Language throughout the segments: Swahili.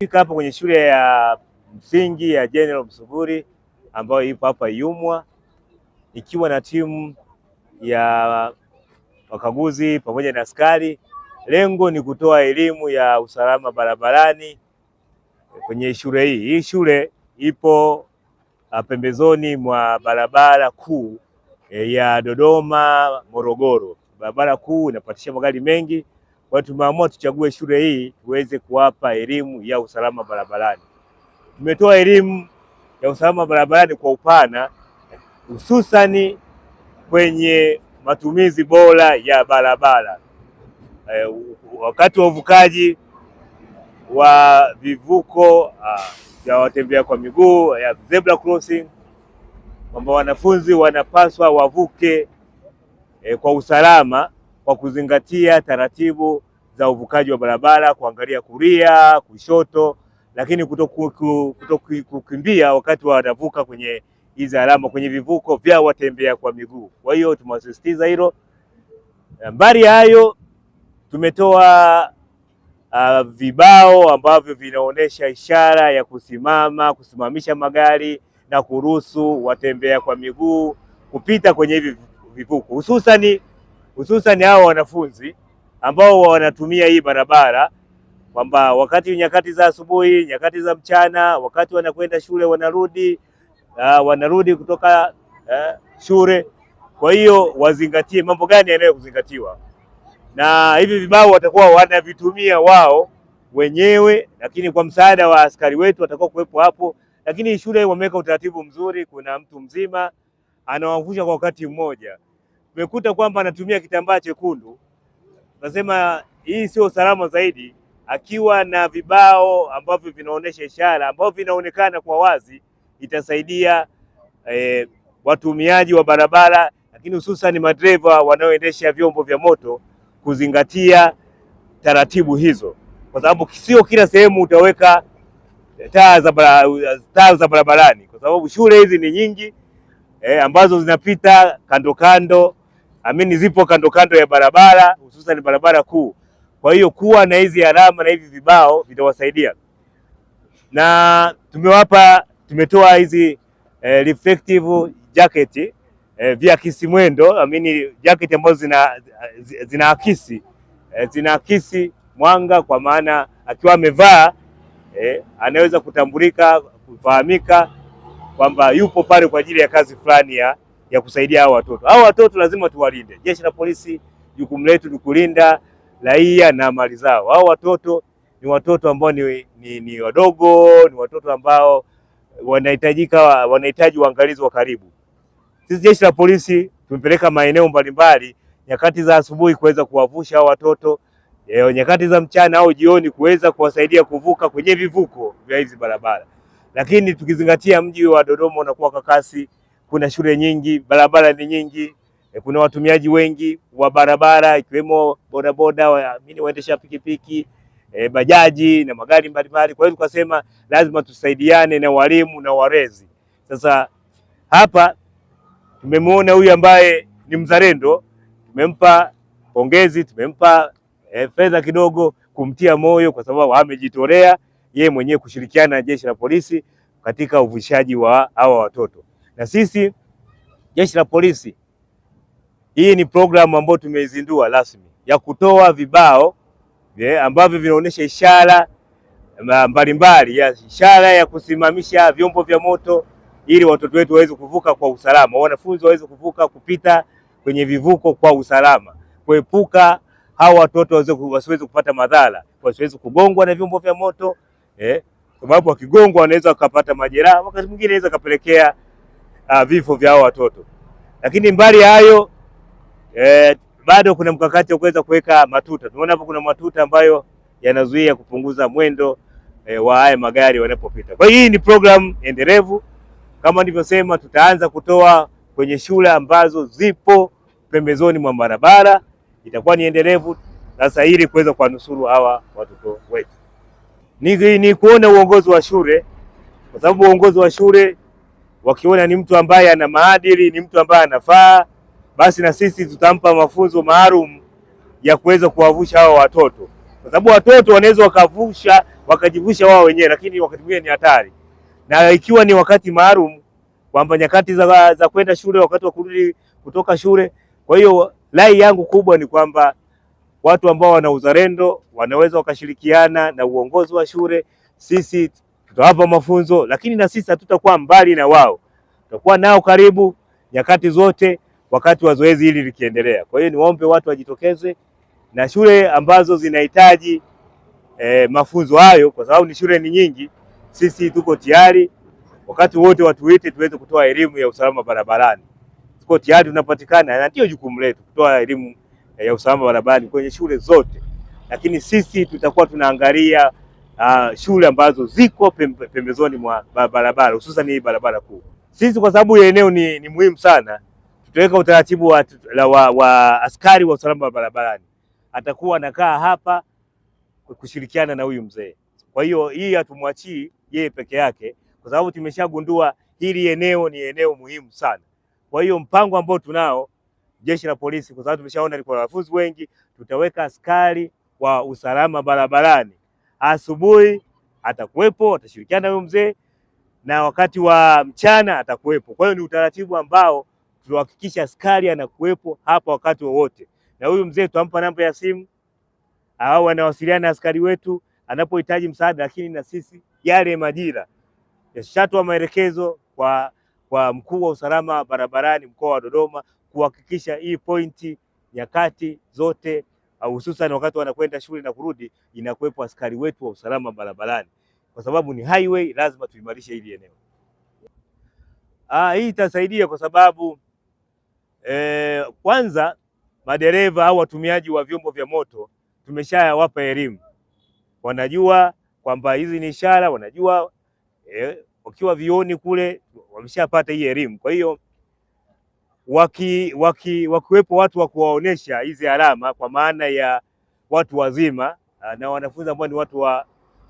Fika hapo kwenye shule ya msingi ya General Msuguri ambayo ipo hapa Yumwa ikiwa na timu ya wakaguzi pamoja na askari. Lengo ni kutoa elimu ya usalama barabarani kwenye shule hii. Hii shule ipo ah, pembezoni mwa barabara kuu eh, ya Dodoma Morogoro. Barabara kuu inapatisha magari mengi kwa hiyo tumeamua tuchague shule hii tuweze kuwapa elimu ya usalama barabarani. Tumetoa elimu ya usalama barabarani kwa upana, hususani kwenye matumizi bora ya barabara e, wakati wa uvukaji wa vivuko ah, vya watembea kwa miguu ya zebra crossing, kwamba wanafunzi wanapaswa wavuke e, kwa usalama kwa kuzingatia taratibu za uvukaji wa barabara, kuangalia kulia, kushoto, lakini kutokukimbia wakati wanavuka kwenye hizi alama kwenye vivuko vya watembea kwa miguu. Kwa hiyo tumewasisitiza hilo. Eh, mbali ya hayo, tumetoa uh, vibao ambavyo vinaonyesha ishara ya kusimama, kusimamisha magari na kuruhusu watembea kwa miguu kupita kwenye hivi vivuko, hususani hususani hao wanafunzi ambao wanatumia hii barabara kwamba wakati nyakati za asubuhi, nyakati za mchana, wakati wanakwenda shule wanarudi, uh, wanarudi kutoka uh, shule. Kwa hiyo wazingatie mambo gani kuzingatiwa, na hivi vibao watakuwa wanavitumia wao wenyewe, lakini kwa msaada wa askari wetu watakuwa kuwepo hapo. Lakini shule wameweka utaratibu mzuri, kuna mtu mzima anawavusha kwa wakati mmoja. Tumekuta kwamba anatumia kitambaa chekundu Nasema hii sio salama zaidi akiwa na vibao ambavyo vinaonyesha ishara ambavyo vinaonekana kwa wazi, itasaidia e, watumiaji wa barabara, lakini hususan madereva wanaoendesha vyombo vya moto kuzingatia taratibu hizo, kwa sababu sio kila sehemu utaweka taa za taa za barabarani, kwa sababu shule hizi ni nyingi e, ambazo zinapita kando kando amini zipo kando kando ya barabara, hususan barabara kuu. Kwa hiyo kuwa na hizi alama na hivi vibao vitawasaidia, na tumewapa tumetoa hizi eh, reflective jacket eh, vya kisi mwendo, amini jacket ambazo zina zinaakisi eh, zinaakisi mwanga, kwa maana akiwa amevaa eh, anaweza kutambulika kufahamika kwamba yupo pale kwa ajili ya kazi fulani ya ya kusaidia hao watoto. Hao watoto lazima tuwalinde. Jeshi la polisi, jukumu letu ni kulinda raia na mali zao. Hao watoto ni watoto ambao ni, ni, ni wadogo, ni watoto ambao wanahitajika, wanahitaji uangalizi wa karibu. Sisi jeshi la polisi tumepeleka maeneo mbalimbali nyakati za asubuhi kuweza kuwavusha hao watoto e, nyakati za mchana au jioni kuweza kuwasaidia kuvuka kwenye vivuko vya hizi barabara, lakini tukizingatia mji wa Dodoma unakuwa kwa kasi kuna shule nyingi, barabara ni nyingi, eh, kuna watumiaji wengi wa barabara ikiwemo bodaboda, waamini, waendesha pikipiki, e, bajaji na magari mbalimbali. Kwa hiyo tukasema lazima tusaidiane na walimu na walezi. Sasa hapa tumemwona huyu ambaye ni mzalendo, tumempa pongezi, tumempa e, fedha kidogo kumtia moyo, kwa sababu amejitolea yeye mwenyewe kushirikiana na jeshi la polisi katika uvishaji wa hawa watoto. Na sisi jeshi la polisi, hii ni programu ambayo tumeizindua rasmi ya kutoa vibao yeah, ambavyo vinaonyesha ishara mbalimbali ya ishara ya kusimamisha vyombo vya moto ili watoto wetu waweze kuvuka kwa usalama, wanafunzi waweze kuvuka kupita kwenye vivuko kwa usalama, kuepuka hawa watoto wasiweze kupata madhara, wasiweze kugongwa na vyombo vya moto eh, sababu wakigongwa wanaweza wakapata majeraha, wakati mwingine anaweza kapelekea uh, vifo vya hao watoto. Lakini mbali hayo eh, bado kuna mkakati wa kuweza kuweka matuta. Tumeona hapo kuna matuta ambayo yanazuia kupunguza mwendo eh, wa haya magari wanapopita. Kwa hii ni program endelevu, kama nilivyosema, tutaanza kutoa kwenye shule ambazo zipo pembezoni mwa barabara, itakuwa ni endelevu sasa, ili kuweza kuwanusuru hawa watoto wetu. Ni, ni kuona uongozi wa shule, kwa sababu uongozi wa shule wakiona ni mtu ambaye ana maadili, ni mtu ambaye anafaa, basi na sisi tutampa mafunzo maalum ya kuweza kuwavusha hao watoto, kwa sababu watoto wanaweza wakavusha wakajivusha wao wenyewe, lakini wakati mwingine ni hatari. Na ikiwa ni wakati maalum kwamba nyakati za, za kwenda shule, wakati wa kurudi kutoka shule. Kwa hiyo rai yangu kubwa ni kwamba watu ambao wana uzalendo wanaweza wakashirikiana na uongozi wa shule sisi tutawapa mafunzo, lakini na sisi hatutakuwa mbali na wao, tutakuwa nao karibu nyakati zote wakati wa zoezi hili likiendelea. Kwa hiyo niwaombe watu wajitokeze, na shule ambazo zinahitaji eh, mafunzo hayo, kwa sababu ni shule ni nyingi, sisi tuko tayari wakati wote watuite, tuweze kutoa elimu ya usalama barabarani. Tuko tayari, tunapatikana, na ndio jukumu letu kutoa elimu ya usalama barabarani kwenye shule zote, lakini sisi tutakuwa tunaangalia uh, shule ambazo ziko pembezoni mwa barabara hususan hii barabara kuu. Sisi kwa sababu eneo ni, ni muhimu sana, tutaweka utaratibu wa, wa, wa askari wa usalama wa barabarani atakuwa anakaa hapa kushirikiana na huyu mzee. Kwa hiyo hii hatumwachii yeye peke yake, kwa sababu tumeshagundua hili eneo ni eneo muhimu sana. Kwa hiyo mpango ambao tunao jeshi la polisi, kwa sababu tumeshaona liko na wanafunzi wengi, tutaweka askari wa usalama barabarani asubuhi atakuwepo, atashirikiana huyo mzee, na wakati wa mchana atakuwepo. Kwa hiyo ni utaratibu ambao tunahakikisha askari anakuwepo hapa wakati wowote, na huyu mzee tutampa namba ya simu au anawasiliana na askari wetu anapohitaji msaada. Lakini na sisi yale majira yashatoa maelekezo kwa kwa mkuu wa usalama barabarani mkoa wa Dodoma kuhakikisha hii pointi nyakati zote hususan wakati wanakwenda shule na kurudi, inakuwepo askari wetu wa usalama barabarani, kwa sababu ni highway, lazima tuimarishe hili eneo. Ah, hii itasaidia kwa sababu eh, kwanza madereva au watumiaji wa vyombo vya moto tumeshayawapa elimu, wanajua kwamba hizi ni ishara, wanajua eh, wakiwa vioni kule wameshapata hii elimu, kwa hiyo waki, waki, wakiwepo watu wa kuwaonesha hizi alama kwa maana ya watu wazima ah, na wanafunzi ambao ni watu wa,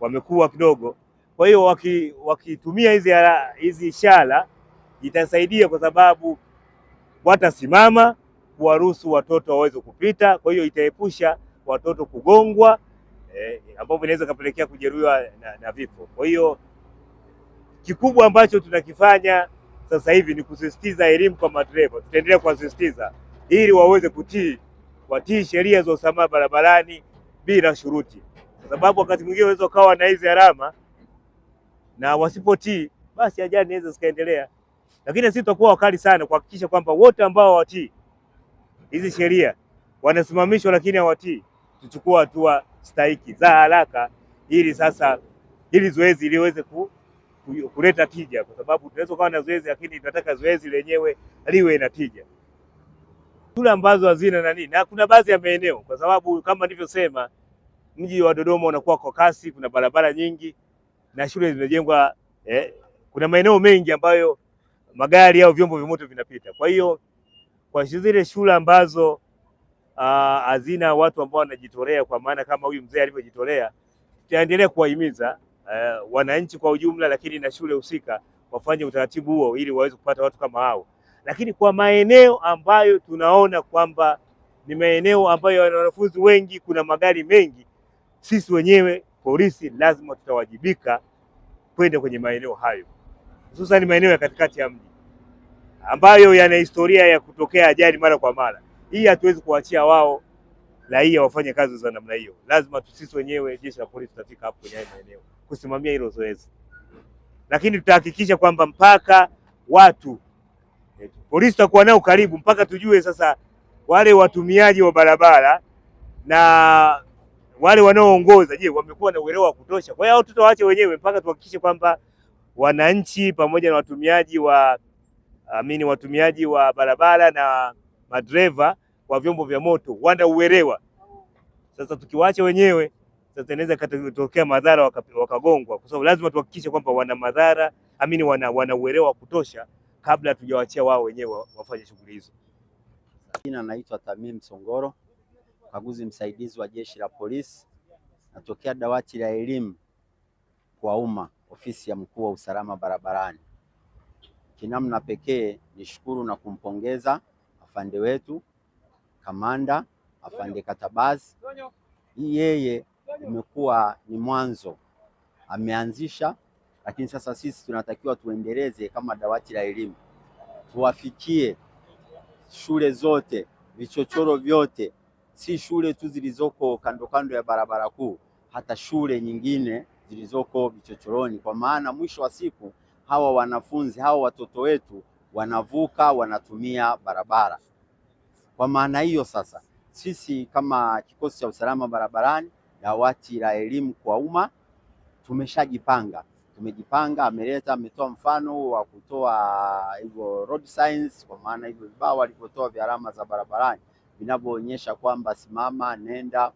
wamekuwa kidogo. Kwa hiyo wakitumia waki hizi hizi ishara itasaidia kwa sababu watasimama kuwaruhusu watoto waweze kupita. Kwa hiyo itaepusha watoto kugongwa eh, ambapo inaweza kapelekea kujeruhiwa na, na vifo. Kwa hiyo kikubwa ambacho tunakifanya sasa hivi ni kusisitiza elimu kwa madereva, tutaendelea kuwasisitiza ili waweze kutii watii sheria za usalama barabarani bila shuruti, kwa sababu wakati mwingine unaweza ukawa na hizi alama na wasipotii, basi ajali inaweza zikaendelea. Lakini sisi tutakuwa wakali sana kuhakikisha kwamba wote ambao hawatii hizi sheria wanasimamishwa, lakini hawatii, tuchukua hatua stahiki za haraka ili sasa hili zoezi liweze ku kuleta tija, kwa sababu tunaweza ukawa na zoezi lakini tunataka zoezi lenyewe liwe na tija. Shule ambazo hazina na nini, na kuna baadhi ya maeneo, kwa sababu kama nilivyosema, mji wa Dodoma unakuwa kwa kasi, kuna barabara nyingi na shule zimejengwa eh, kuna maeneo mengi ambayo magari au vyombo vya moto vinapita. Kwa hiyo kwa zile shule ambazo ah, hazina watu ambao wanajitolea, kwa maana kama huyu mzee alivyojitolea, tutaendelea kuwahimiza uh, wananchi kwa ujumla, lakini na shule husika wafanye utaratibu huo ili waweze kupata watu kama hao. Lakini kwa maeneo ambayo tunaona kwamba ni maeneo ambayo yana wanafunzi wengi, kuna magari mengi, sisi wenyewe polisi lazima tutawajibika kwenda kwenye maeneo hayo, hususan maeneo ya katikati ya mji ambayo yana historia ya kutokea ajali mara kwa mara. Hii hatuwezi kuachia wao raia wafanye kazi za namna hiyo. Lazima sisi wenyewe jeshi la polisi tutafika hapo kwenye hayo maeneo kusimamia hilo zoezi, lakini tutahakikisha kwamba mpaka watu polisi tutakuwa nao karibu mpaka tujue sasa wale watumiaji wa barabara na wale wanaoongoza, je, wamekuwa na uelewa wa kutosha? Kwa hiyo tutawaache wenyewe mpaka tuhakikishe kwamba wananchi pamoja na watumiaji wa amini watumiaji wa barabara na madereva wa vyombo vya moto wanauelewa. Sasa tukiwaacha wenyewe, sasa inaweza katokea madhara wakagongwa, waka kwa sababu lazima tuhakikishe kwamba wana madhara amini, wana wanauelewa wa kutosha kabla tujawaachia wao wenyewe wafanye shughuli hizo. Jina naitwa Tamim Songoro, mkaguzi msaidizi wa jeshi la polisi, natokea dawati la elimu kwa umma, ofisi ya mkuu wa usalama barabarani. Kinamna pekee nishukuru na kumpongeza afande wetu kamanda afande Katabaz, hii yeye imekuwa ni mwanzo, ameanzisha, lakini sasa sisi tunatakiwa tuendeleze kama dawati la elimu, tuwafikie shule zote, vichochoro vyote, si shule tu zilizoko kando kando ya barabara kuu, hata shule nyingine zilizoko vichochoroni, kwa maana mwisho wa siku hawa wanafunzi hawa watoto wetu wanavuka wanatumia barabara. Kwa maana hiyo sasa, sisi kama kikosi cha usalama barabarani, dawati la elimu kwa umma, tumeshajipanga tumejipanga. Ameleta ametoa mfano wa kutoa hivyo road signs, kwa maana hivyo vibao walivyotoa vya alama za barabarani vinavyoonyesha kwamba simama, nenda.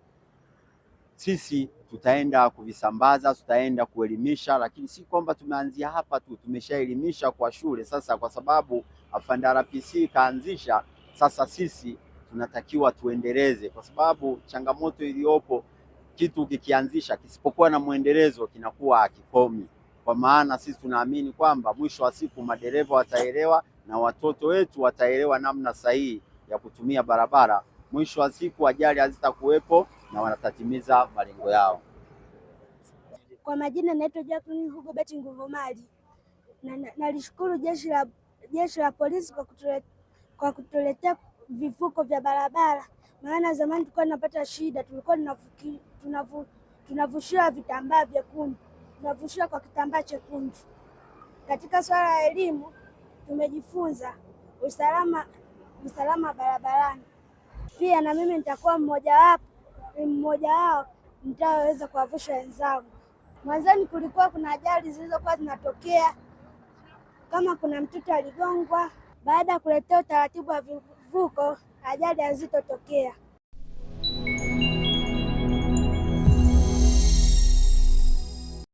Sisi tutaenda kuvisambaza, tutaenda kuelimisha, lakini si kwamba tumeanzia hapa tu, tumeshaelimisha kwa shule sasa, kwa sababu afandara pc kaanzisha sasa sisi tunatakiwa tuendeleze, kwa sababu changamoto iliyopo, kitu kikianzisha kisipokuwa na mwendelezo kinakuwa hakikomi. Kwa maana sisi tunaamini kwamba mwisho wa siku madereva wataelewa na watoto wetu wataelewa namna sahihi ya kutumia barabara. Mwisho wa siku ajali hazitakuwepo na wanatatimiza malengo yao. Kwa majina naitwa Jacqueline Hugo Beti Nguvumali, na nalishukuru jeshi la jeshi la polisi kwa kutuletea kwa kutuletea vivuko vya barabara, maana zamani tulikuwa tunapata shida, tulikuwa tunavu, tunavushiwa vitambaa vyekundu, tunavushiwa kwa kitambaa chekundu. Katika swala la elimu tumejifunza usalama usalama barabarani. Pia na mimi nitakuwa mmoja wapo mmoja wao nitaweza kuwavusha wenzangu. Mwanzoni kulikuwa kuna ajali zilizokuwa zinatokea, kama kuna mtoto aligongwa baada ya kuletea utaratibu wa vivuko, ajali hazitotokea nzito tokea